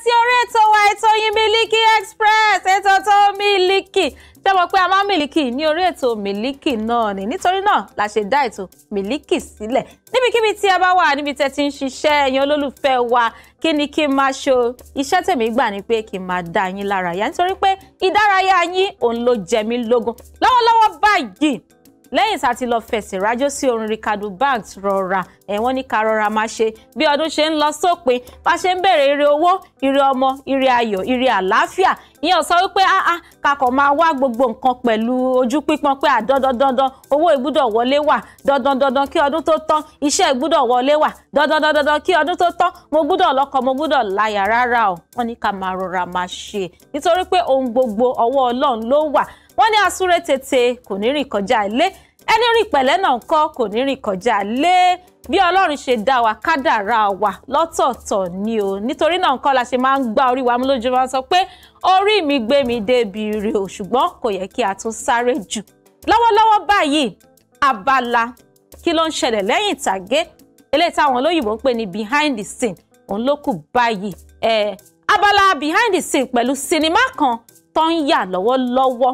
sí orí ètò wa ètò yín Miliki Express ètò tó Miliki ṣé mo pé a máa ń Miliki ní orí ètò Miliki náà ni nítorí náà la ṣe dá ètò Miliki sílẹ̀ níbikíbi tí a bá wà níbi tẹ́ ti ń ṣiṣẹ́ ẹ̀yin olólùfẹ́ wa kí ni kí n máa ṣo iṣẹ́ tèmi gbà ni pé kí n máa dá yín lára nítorí pé ìdárayá yín òun ló jẹ mí lógún lọ́wọ́lọ́wọ́ báyìí lẹ́yìn tá a ti lọ fẹsẹ̀ rájò sí orin Ricardo Banks rọra ẹ̀wọ́n ní ká rọra máa ṣe bí ọdún ṣe ń lọ sópin bá ṣe ń bèrè ire owó ire ọmọ ire ayọ̀ ire àlàáfíà ìyẹn sọ wípé áá ah, ah, kakọ̀ máa wá gbogbo nǹkan pẹ̀lú ojú pípọ́n pé àdandandandan owó ìgbúdọ̀ wọlé wà dandandandan kí ọdún tó tán iṣẹ́ ìgbúdọ̀ wọlé wà dandandandan kí ọdún tó tán mo gbúdọ̀ lọ́kọ mo gbúdọ̀ láyà rárá o wọ́n ní ká máa rọra máa ṣe nítorí pé ohun gbogbo ọwọ́ Ọlọ́run ló wà wọ́n ní asúré tètè kò ní rìn kọjá ilé ẹni rìn pẹ̀lẹ́ náà kọ́ kò ní rìn kọjá ilé bí ọlọ́run ṣe dá wa kádàrá wa lọ́tọ̀ọ̀tọ̀ ni o nítorí náà nǹkan la ṣe máa ń gbá orí wa mú lójú máa ń sọ pé orí mi gbé mi débi rè o ṣùgbọ́n kò yẹ kí a tún sáré jù lọ́wọ́lọ́wọ́ báyìí abala kí ló ń ṣẹlẹ̀ lẹ́yìn ìtàgé eléyìí táwọn olóyìnbó ń pè ní behind the scene òun ló kù báyìí eh, abala behind the scene pẹ̀lú sinimá kan tó ń yà lọ́wọ́lọ́wọ́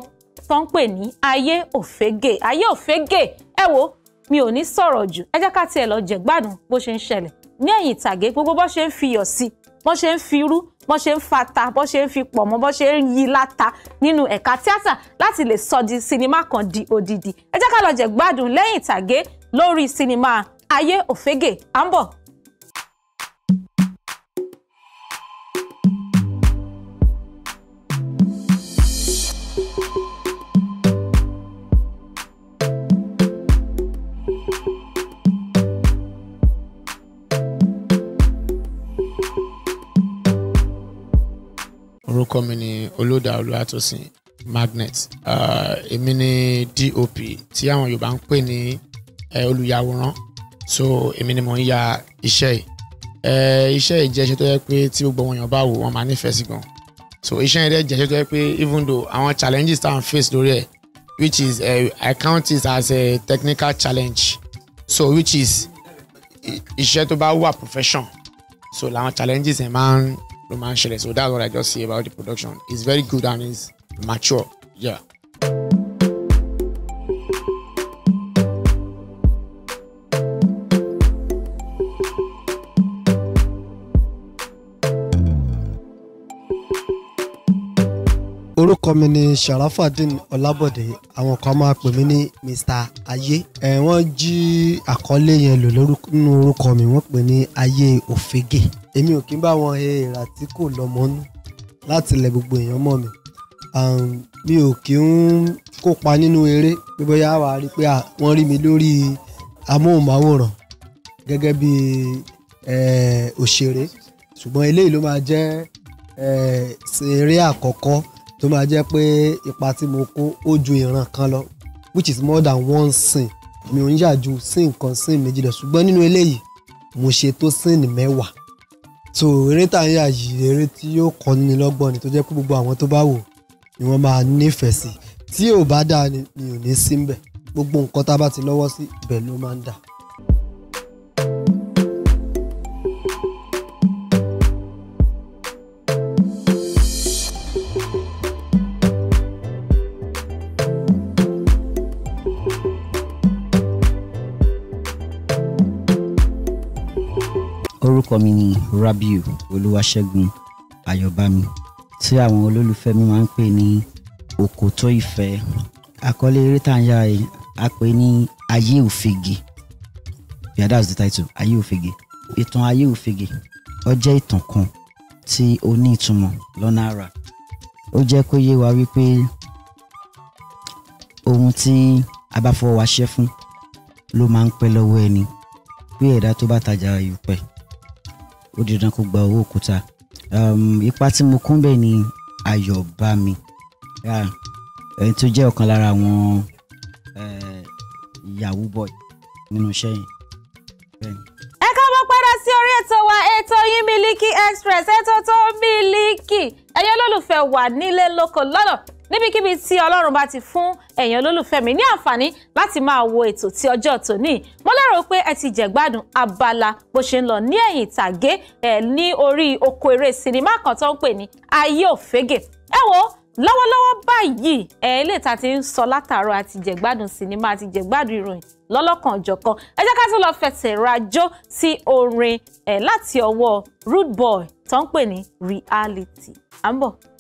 tó ń pè ní ayé òfégè ayé òfégè ẹ wo mi ò ní sọ̀rọ̀ jù ẹ jẹ́ ká tiẹ̀ lọ jẹ̀gbádùn bó ṣe ń ṣẹlẹ̀ ní ẹ̀yìn ìtàgé gbogbo bó ṣe ń fiyọ̀ sí bó ṣe ń firú bó ṣe ń fata bó ṣe ń fi pọ̀ mọ́ bó ṣe ń yí láta nínú ẹ̀ka tíátà láti lè sọ di sinimá kan di odidi ẹ jẹ́ ká lọ jẹ̀gbádùn lẹ́yìn ìtàgé lórí sinimá ayé òfégè à ń bọ̀ orúkọ mi ni olódà olùwàtòsìn magnet uh, èmi ni dop tí àwọn yorùbá ń pè ní eh, olùyàwòrán so èmi ni mò ń ya iṣẹ́ yìí eh, iṣẹ́ yìí jẹ́ iṣẹ́ tó yẹ pé tí gbogbo wọn yàn bá wò wọ́n máa nífẹ̀ẹ́ sí gan so iṣẹ́ yìí dẹ̀ jẹ́ iṣẹ́ tó yẹ pé even though àwọn challenges tá à ń face lórí ẹ̀ which is uh, I count it as a technical challenge so which is iṣẹ́ tó bá wà profession so làwọn challenges yẹn máa ń ló máa so that's what I just say about the production it's very good and it's mature yeah. orúkọ mi ni sharafadin ọlábọ̀dé àwọn kan máa pè mí ní mr ayé ẹ wọ́n jí àkọlé yẹn lò nínú orúkọ mi wọ́n pè ní ayé òfegè èmi ò kí ń bá wọn he èèrà tí kò lọ́mọ nú láti lẹ gbogbo èèyàn mọ̀ mi mi ò kí ń kópa nínú eré pé bóyá wàá rí pé wọ́n rí mi lórí amóhùnmáwòrán gẹ́gẹ́ bí òṣèré ṣùgbọ́n eléyìí ló máa jẹ́ eré àkọ́kọ́ tó máa jẹ́ pé ipa tí mo kó ó ju ìran kan lọ which is more than one sin. mi ò ń yà ju scene kan scene méjì lọ ṣùgbọ́n nínú eléyìí mo ṣe tó scene mẹ́wàá so eré tá ń yà yìí eré tí yóò kọ́ni lọ́gbọ́n ni tó jẹ́ pé gbogbo àwọn tó bá wò ni wọ́n máa nífẹ̀ẹ́ sí tí ò bá dáa ni ò ní sí ń gbogbo nǹkan tá a bá ti lọ́wọ́ sí ibẹ̀ ló máa ń dáa. orúkọ mi ni Rabiu Olúwaṣẹ́gun Ayọ̀bámi tí àwọn olólùfẹ́ mi máa ń pè ní Òkòtó Ìfẹ́ àkọlé eré tá à ń yá ẹ a pè ní Ayé Òfegè yeah that's the title Ayé Òfegè ìtàn Ayé Òfegè ó jẹ́ ìtàn kan tí ó ní ìtumọ̀ lọ́nà àrà ó jẹ́ kó yé wa wípé ohun tí a bá fọwọ́ wa ṣẹ́ fún ló máa ń pẹ́ lọ́wọ́ ẹni pé ẹ̀dá tó bá tajà yìí pẹ́ ó di dandan kó gba owó òkúta um, ipa tí mo kún bẹ́ẹ̀ ni ayọ̀ bá mi ẹni tó jẹ́ ọ̀kan lára àwọn yahoo boy nínú iṣẹ́ yìí ẹ káàbọ̀ padà sí orí ètò wa ètò yín Miliki Express ètò tó Miliki ẹ̀yin olólùfẹ́ wa nílé lóko lọ́nà níbikíbi tí ọlọ́run bá ti fún ẹ̀yin olólùfẹ́ mi ní àǹfààní láti máa wo ètò ti ọjọ́ tòní mo lérò pé ẹ ti jẹ̀gbádùn abala bó ṣe ń lọ ní ẹ̀yìn ìtàgé ẹ̀ ní orí oko eré sinimá kan tó ń pè ní ayé òfégè ẹ wo lọ́wọ́lọ́wọ́ báyìí ẹ̀ ilé ìta ti ń sọ látàárọ̀ àti jẹ̀gbádùn sinimá àti jẹ̀gbádùn ìròyìn lọ́lọ́kan ọ̀jọ̀kan ẹ jẹ́ ká tún lọ fẹsẹ̀ rajó sí orin ẹ̀ láti ọwọ́ rude boy tó ń pè ní reality à